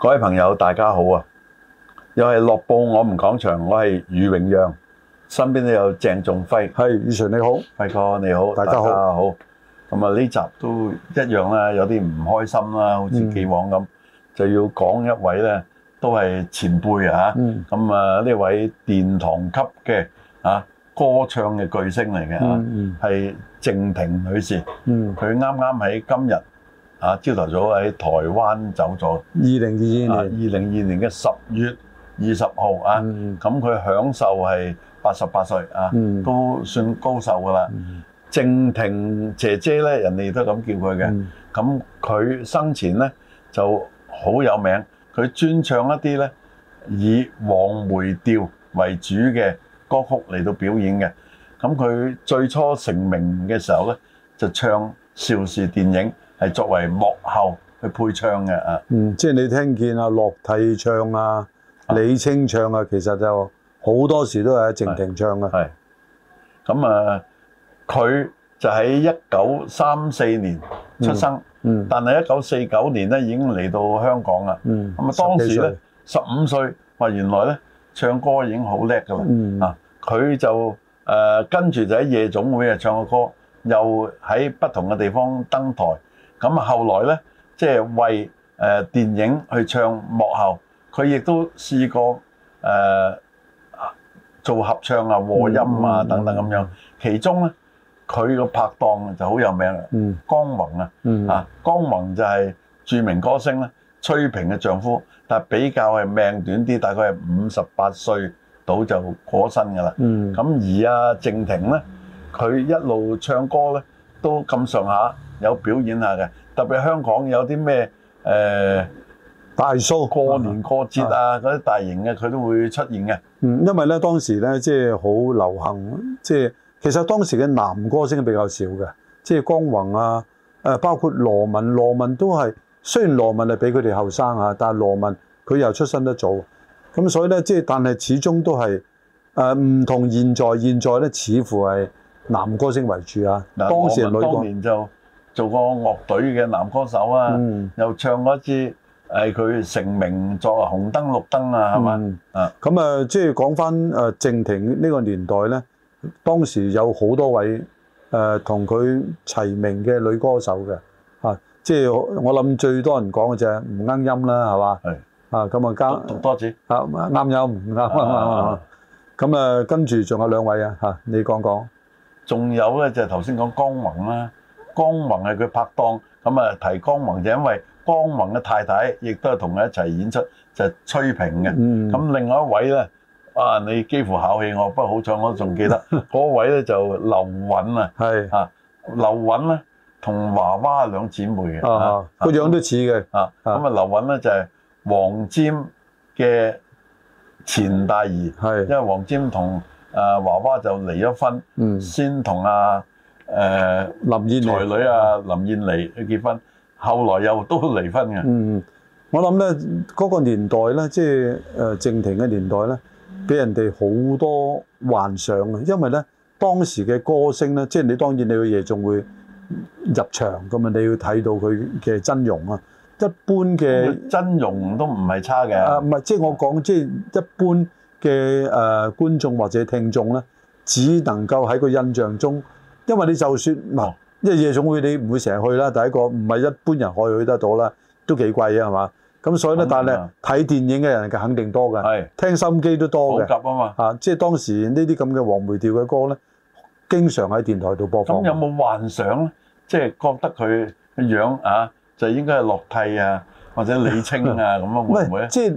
各位朋友，大家好啊！又係《樂報》我們講場，我係余榮讓，身邊都有鄭仲輝，係以純你好，輝哥你好，大家好。咁啊呢集都一樣啦，有啲唔開心啦，好似既往咁，嗯，就要講一位咧，都係前輩、嗯、啊吓。咁啊呢位殿堂級嘅啊歌唱嘅巨星嚟嘅啊，係靜婷女士。嗯，佢啱啱喺今日。啊！朝頭早喺台灣走咗，二零二二年，二零二年嘅十月二十號啊，咁佢享受係八十八歲啊，都算高壽㗎啦。靜婷姐姐咧，人哋都咁叫佢嘅，咁佢生前咧就好有名，佢專唱一啲咧以黃梅調為主嘅歌曲嚟到表演嘅。咁佢最初成名嘅時候咧，就唱邵氏電影，係作為幕後去配唱嘅啊，嗯，即係你聽見阿樂蒂唱啊、李菁唱啊，其實就好多時都係喺靜婷唱啊。係，咁啊，佢就喺一九三四年出生，嗯，但係一九四九年咧已經嚟到香港啦，嗯，咁啊當時咧十五歲，哇，原來咧唱歌已經好叻㗎啦，啊，佢就誒跟住就喺夜總會啊唱個歌，又喺不同嘅地方登台。咁啊，後來咧，即係為誒電影去唱幕後，佢亦都試過誒做合唱啊、和音啊等等咁樣。其中咧，佢個拍檔就好有名啦，江宏啊，啊江宏就係著名歌星咧，崔萍嘅丈夫，但係比較係命短啲，大概係五十八歲到就過身㗎啦。咁而阿靜婷咧，佢一路唱歌咧都咁上下。有表演下嘅，特別香港有啲咩誒大蘇過年過節啊，嗰、嗯、啲大型嘅佢都會出現嘅。嗯，因為咧當時咧即係好流行，即係其實當時嘅男歌星比較少嘅，即係江宏啊，誒、啊、包括羅文，羅文都係雖然羅文係比佢哋後生啊，但係羅文佢又出身得早，咁所以咧即係但係始終都係誒唔同現在，現在咧似乎係男歌星為主啊。啊當時女歌，當年就。做個樂隊嘅男歌手啊，又唱過一支誒佢成名作《紅燈綠燈》啊，係嘛啊？咁啊，即係講翻誒靜婷呢個年代咧，當時有好多位誒同佢齊名嘅女歌手嘅嚇，即係我諗最多人講嘅就係吳鶯音啦，係嘛？係啊，咁啊加讀多字啊啱有啱有，咁啊跟住仲有兩位啊嚇，你講講，仲有咧就係頭先講江宏啦。江宏係佢拍檔，咁啊，提江宏就因為江宏嘅太太，亦都係同佢一齊演出，就崔萍嘅。咁、嗯、另外一位咧，啊，你幾乎考起我，不過好彩我仲記得嗰 位咧就劉韻啊，嚇劉韻咧同華娃兩姊妹嘅，個樣都似嘅。啊，咁啊，劉韻咧、啊啊啊啊啊、就係黃霑嘅前大姨，因為黃霑同啊華娃就離咗婚，先同阿、啊……誒、呃、林燕，才女啊，林燕妮去結婚，後來又都離婚嘅。嗯，我諗咧，嗰、那個年代咧，即係誒靜婷嘅年代咧，俾人哋好多幻想嘅，因為咧當時嘅歌星咧，即、就、係、是、你當然你去夜總會入場㗎嘛，你要睇到佢嘅真容啊。一般嘅真容都唔係差嘅、啊。啊，唔係，即係我講即係一般嘅誒、呃、觀眾或者聽眾咧，只能夠喺個印象中。因為你就算嗱，因為、哦、夜總會，你唔會成日去啦。第一個唔係一般人可以去得到啦，都幾貴嘅係嘛。咁所以咧，但係睇電影嘅人嘅肯定多嘅，聽心機都多嘅。啊嘛，啊即係當時呢啲咁嘅黃梅調嘅歌咧，經常喺電台度播放。咁、嗯、有冇幻想咧？即、就、係、是、覺得佢樣啊，就應該係樂蒂啊，或者李菁啊咁啊，會唔會咧、嗯？即係誒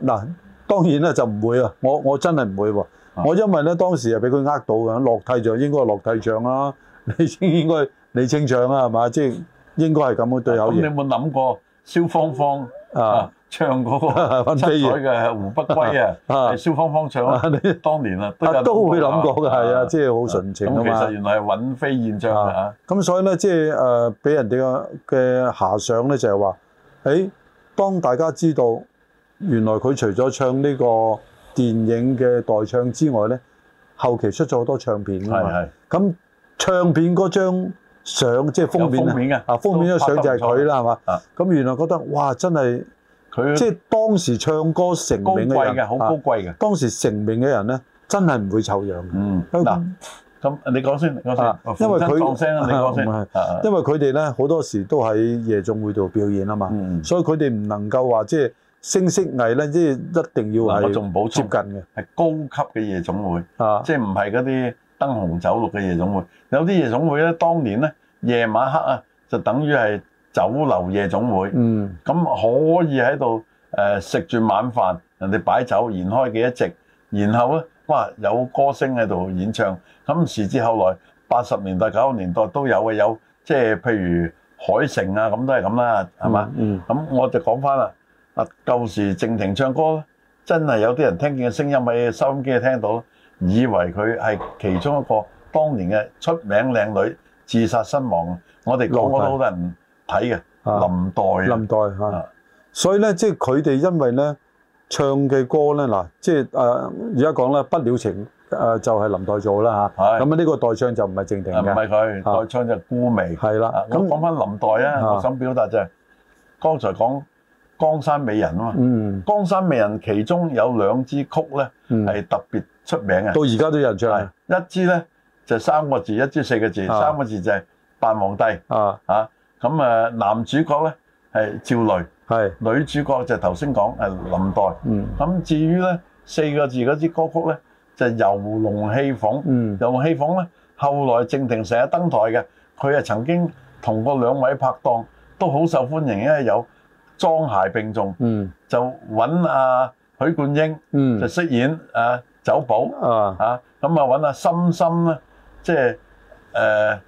嗱，當然呢，就唔會啊！我我真係唔會喎、啊。我因為咧當時被他是是是有有方方啊，俾佢呃到啊，落替像應該係落替像啦。你應該你清唱啦，係嘛？即係應該係咁嘅對口。你有冇諗過蕭芳芳啊唱嗰個七彩嘅《胡不歸》啊？芳、啊、芳唱啊！你當年啊，啊都會都會諗過嘅，係啊，即係好純情、啊、其實原來係尹飛燕唱嘅。咁所以咧，即係誒俾人哋嘅遐想咧，就係話：，誒當大家知道原來佢除咗唱呢、這個。電影嘅代唱之外咧，後期出咗好多唱片㗎嘛。咁唱片嗰張相係係即係封面，封面嘅啊，封面嗰張相就係佢啦，係嘛？咁、啊啊、原來覺得哇，真係佢即係當時唱歌成名嘅人嘅，好高貴嘅。當時成名嘅人咧，真係唔會醜樣嘅。嗯。嗱咁你講先，講先、啊。因為佢、啊、你講先、啊，因為佢哋咧好多時都喺夜總會度表演啊嘛、嗯。所以佢哋唔能夠話即係。聲色藝咧，即係一定要係接近嘅，係高級嘅夜總會，即係唔係嗰啲燈紅酒綠嘅夜總會。有啲夜總會咧，當年咧夜晚黑啊，就等於係酒樓夜總會。嗯，咁可以喺度誒食住晚飯，人哋擺酒筵開幾一席，然後咧哇有歌聲喺度演唱。咁時至後來，八十年代九十年代都有嘅，有即係譬如海城啊，咁都係咁啦，係嘛？嗯，咁我就講翻啦。啊！舊時靜婷唱歌真係有啲人聽見嘅聲音，喺收音機聽到，以為佢係其中一個當年嘅出名靚女自殺身亡的。我哋講過好多人睇嘅林黛。林黛嚇，所以咧即係佢哋因為咧唱嘅歌咧，嗱，即係誒而家講咧不了情誒就係林黛做啦嚇。咁啊呢個代唱就唔係靜婷唔係佢代唱就係顧媚。係啦，咁講返林黛啊，我想表達就係、是、剛才講。江山美人，莊諧並重，嗯、就揾阿、啊、許冠英、嗯、就飾演啊酒保啊嚇，咁啊揾阿、啊、心心咧，即係誒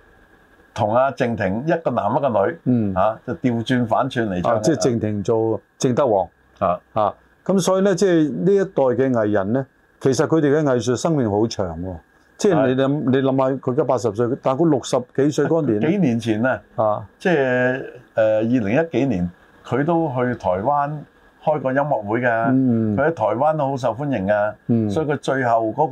同阿靜婷一個男一個女嚇、嗯啊，就調轉反轉嚟做。即係靜婷做正德王啊嚇，咁、啊、所以咧，即係呢一代嘅藝人咧，其實佢哋嘅藝術生命好長喎、哦。即、就、係、是、你諗，你諗下佢家八十歲，但係佢六十幾歲嗰年幾年前啊，即係誒二零一幾年。佢都去台灣開過音樂會嘅，佢、嗯、喺台灣都好受歡迎嘅、嗯，所以佢最後嗰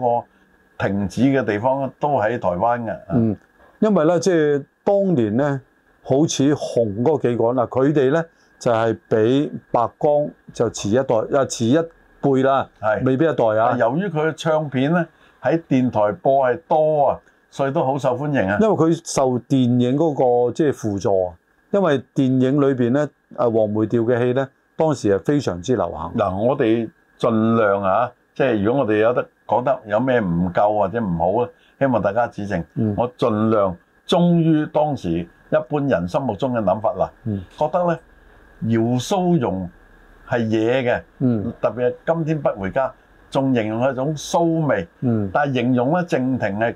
個停止嘅地方都喺台灣嘅。嗯，因為咧，即係當年咧，好似紅嗰幾個人啦，佢哋咧就係比白光就遲一代，啊，遲一輩啦，未必一代啊。由於佢嘅唱片咧喺電台播係多啊，所以都好受歡迎啊。因為佢受電影嗰個即係輔助。因為電影裏邊咧，啊黃梅調嘅戲咧，當時係非常之流行。嗱，我哋盡量啊，即係如果我哋有得講得有咩唔夠或者唔好咧，希望大家指正。我盡量忠於當時一般人心目中嘅諗法。嗱，覺得咧姚蘇蓉係嘢嘅，特別係《今天不回家》仲形容係一種騷味，但係形容咧靜婷係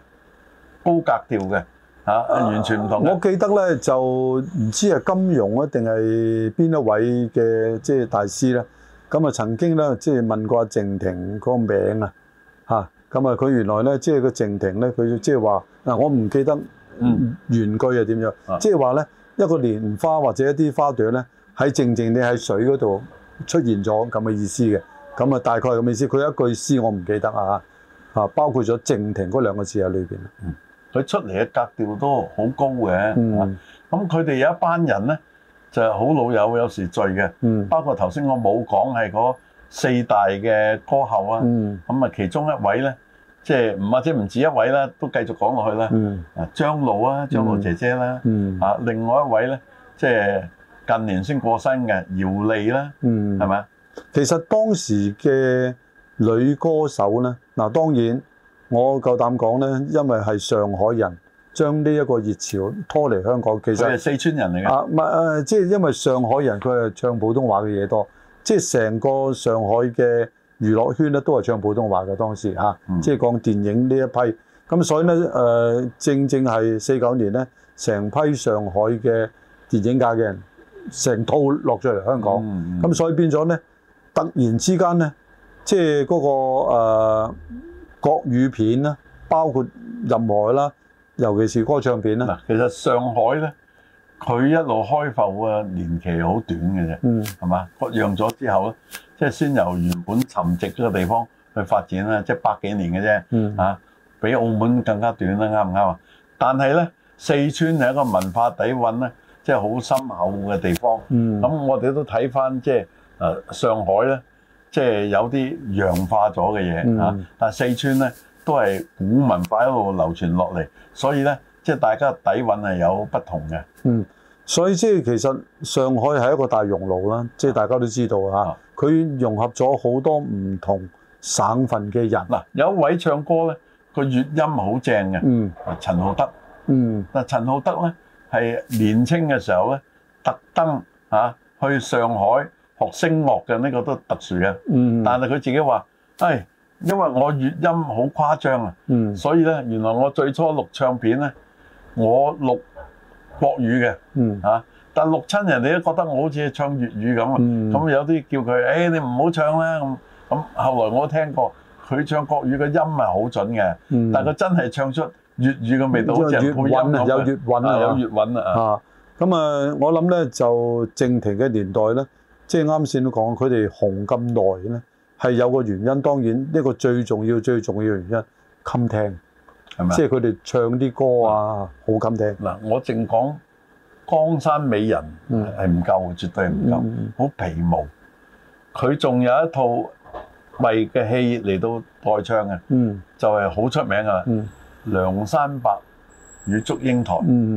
高格調嘅。啊！完全唔同。我記得咧就唔知係金融啊定係邊一位嘅即係大師咧，咁啊曾經咧即係問過阿靜婷個名啊，嚇咁啊佢原來咧即係個靜婷咧，佢即係話，嗱，我唔記得原句係點樣，即係話咧一個蓮花或者一啲花朵咧喺靜靜地喺水嗰度出現咗咁嘅意思嘅，咁啊大概咁意思。佢有一句詩我唔記得啊，啊包括咗靜婷嗰兩個字喺裏邊。嗯佢出嚟嘅格調都好高嘅，咁佢哋有一班人咧就係好老友，有時聚嘅，包括頭先我冇講係嗰四大嘅歌后啊，咁啊其中一位咧即係唔或者唔止一位啦，都繼續講落去啦，啊張露啊張露姐姐啦，啊另外一位咧即係近年先過身嘅姚莉啦，係咪？其實當時嘅女歌手咧嗱當然。我夠膽講呢，因為係上海人將呢一個熱潮拖嚟香港。其實佢係四川人嚟嘅。啊，唔啊，即、就、係、是、因為上海人佢係唱普通話嘅嘢多，即係成個上海嘅娛樂圈呢都係唱普通話嘅當時嚇。即、嗯、係、啊就是、講電影呢一批，咁所以呢，誒、呃，正正係四九年呢成批上海嘅電影界嘅人，成套落咗嚟香港。咁、嗯嗯啊、所以變咗呢，突然之間呢，即係嗰個、呃國語片啦，包括任何啦，尤其是歌唱片啦。嗱，其實上海咧，佢一路開埠嘅年期好短嘅啫，係、嗯、嘛？割讓咗之後咧，即係先由原本沉寂咗個地方去發展啦，即係百幾年嘅啫，嚇、嗯啊，比澳門更加短啦，啱唔啱啊？但係咧，四川係一個文化底蘊咧，即係好深厚嘅地方。咁、嗯、我哋都睇翻即係誒上海咧。即係有啲洋化咗嘅嘢嚇，但係四川咧，都係古文化一路流傳落嚟，所以咧，即係大家底蘊係有不同嘅。嗯，所以即係其實上海係一個大熔爐啦，即係大家都知道嚇，佢、嗯啊、融合咗好多唔同省份嘅人、啊、有一位唱歌咧，個粵音好正嘅，嗯，陳浩德，嗯，嗱、啊、陳浩德咧係年青嘅時候咧特登、啊、去上海。學聲樂嘅呢、那個都特殊嘅、嗯，但係佢自己話：，唉、哎，因為我粵音好誇張啊、嗯，所以呢，原來我最初錄唱片呢，我錄國語嘅嚇、嗯啊，但係錄親人哋都覺得我好似係唱粵語咁啊。咁、嗯、有啲叫佢誒、哎，你唔好唱啦。咁咁後來我聽過佢唱國語嘅音係好準嘅、嗯，但係佢真係唱出粵語嘅味道配音，有粵韻，韻啊，啊有粵韻啊，有粵韻啊。嚇咁啊！我諗呢，就靜婷嘅年代呢。即係啱先都講，佢哋紅咁耐咧，係有個原因。當然呢個最重要、最重要嘅原因，襟聽，係咪？即係佢哋唱啲歌啊，好襟聽。嗱，我淨講《江山美人》係唔夠嘅，絕對係唔夠。好皮毛，佢仲有一套為嘅戲嚟到代唱嘅，就係好出名㗎喇。梁山伯與祝英台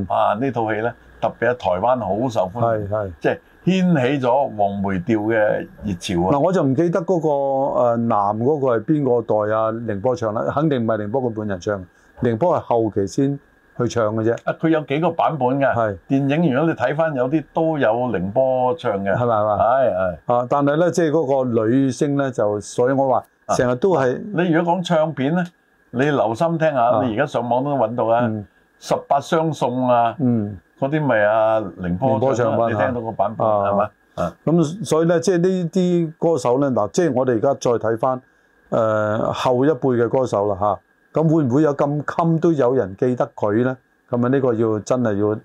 啊，呢套戲咧特別喺台灣好受歡迎，係係，即係。掀起咗黃梅調嘅熱潮啊！嗱，我就唔記得嗰個男嗰個係邊個代啊？凌波唱啦，肯定唔係凌波個本人唱，凌波係後期先去唱嘅啫。啊，佢有幾個版本㗎？係電影，如果你睇翻有啲都有凌波唱嘅，係咪啊，係係啊，但係咧，即係嗰個女星咧，就所以我話成日都係、啊。你如果講唱片咧，你留心聽下、啊，你而家上網都揾到啊！嗯十八相送啊，嗯，嗰啲咪阿凌波唱嘅、啊啊，你聽到個版本係嘛？啊，咁、啊、所以咧，即係呢啲歌手咧，嗱，即係我哋而家再睇翻，誒、呃、後一輩嘅歌手啦吓，咁、啊、會唔會有咁襟都有人記得佢咧？咁啊，呢個要真係要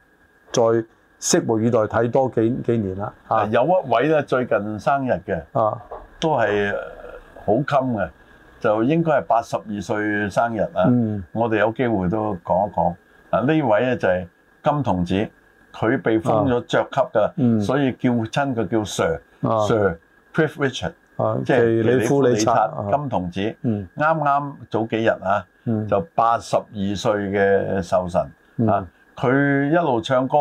再拭目以待，睇多幾幾年啦。啊，有一位咧最近生日嘅，啊，都係好襟嘅，就應該係八十二歲生日啊。嗯，我哋有機會都講一講。啊！呢位啊就係金童子，佢被封咗爵級嘅、啊嗯，所以叫親佢叫 Sir、啊、Sir Cliff Richard、啊、即係奇里夫李察金童子。啱、嗯、啱早幾日啊，嗯、就八十二歲嘅壽辰。啊！佢、嗯、一路唱歌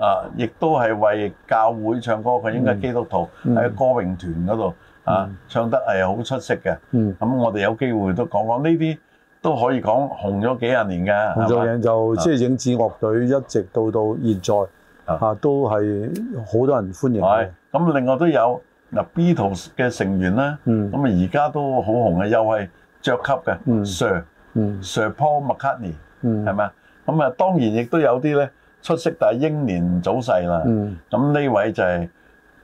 啊，亦都係為教會唱歌。佢應該基督徒喺、嗯、歌詠團嗰度啊、嗯，唱得係好出色嘅。咁、嗯、我哋有機會都講講呢啲。這些都可以講紅咗幾廿年㗎，做嘢就即係、就是、影子樂隊一直到到現在，嚇、啊、都係好多人歡迎的。係咁，那另外都有嗱 Beatles 嘅成員咧，咁啊而家都好紅嘅、嗯，又係爵級嘅 Sir Sir Paul McCartney 係、嗯、嘛？咁啊當然亦都有啲咧出色，但係英年早逝啦。咁、嗯、呢位就係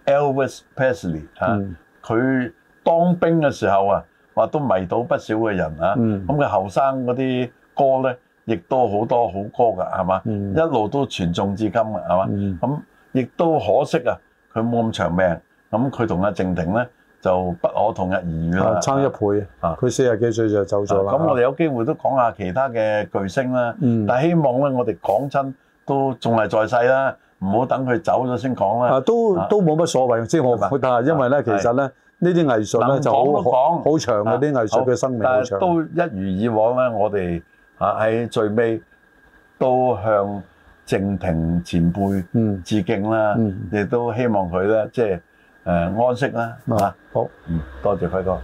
Elvis Presley 嚇、嗯，佢、啊、當兵嘅時候啊。話都迷到不少嘅人啊！咁佢後生嗰啲歌咧，亦都好多好歌㗎，係嘛、嗯？一路都傳頌至今㗎，係嘛？咁、嗯、亦都可惜啊！佢冇咁長命，咁佢同阿靜婷咧就不可同日而語啦、啊，差一倍啊！佢四十幾歲就走咗啦。咁、啊啊、我哋有機會都講下其他嘅巨星啦，啊、但係希望咧、啊，我哋講親都仲係在世啦，唔好等佢走咗先講啦。啊，都都冇乜所謂、啊啊，即係我覺得因為咧、啊，其實咧。呢啲藝術咧就好好長嘅、啊、啲、啊、藝術嘅生命長、啊啊、好長、啊，都一如以往咧、啊，我哋啊喺最尾都向靜婷前輩嗯致敬啦。亦、嗯、都希望佢咧即係誒安息啦嚇、嗯啊，好嗯多謝輝哥。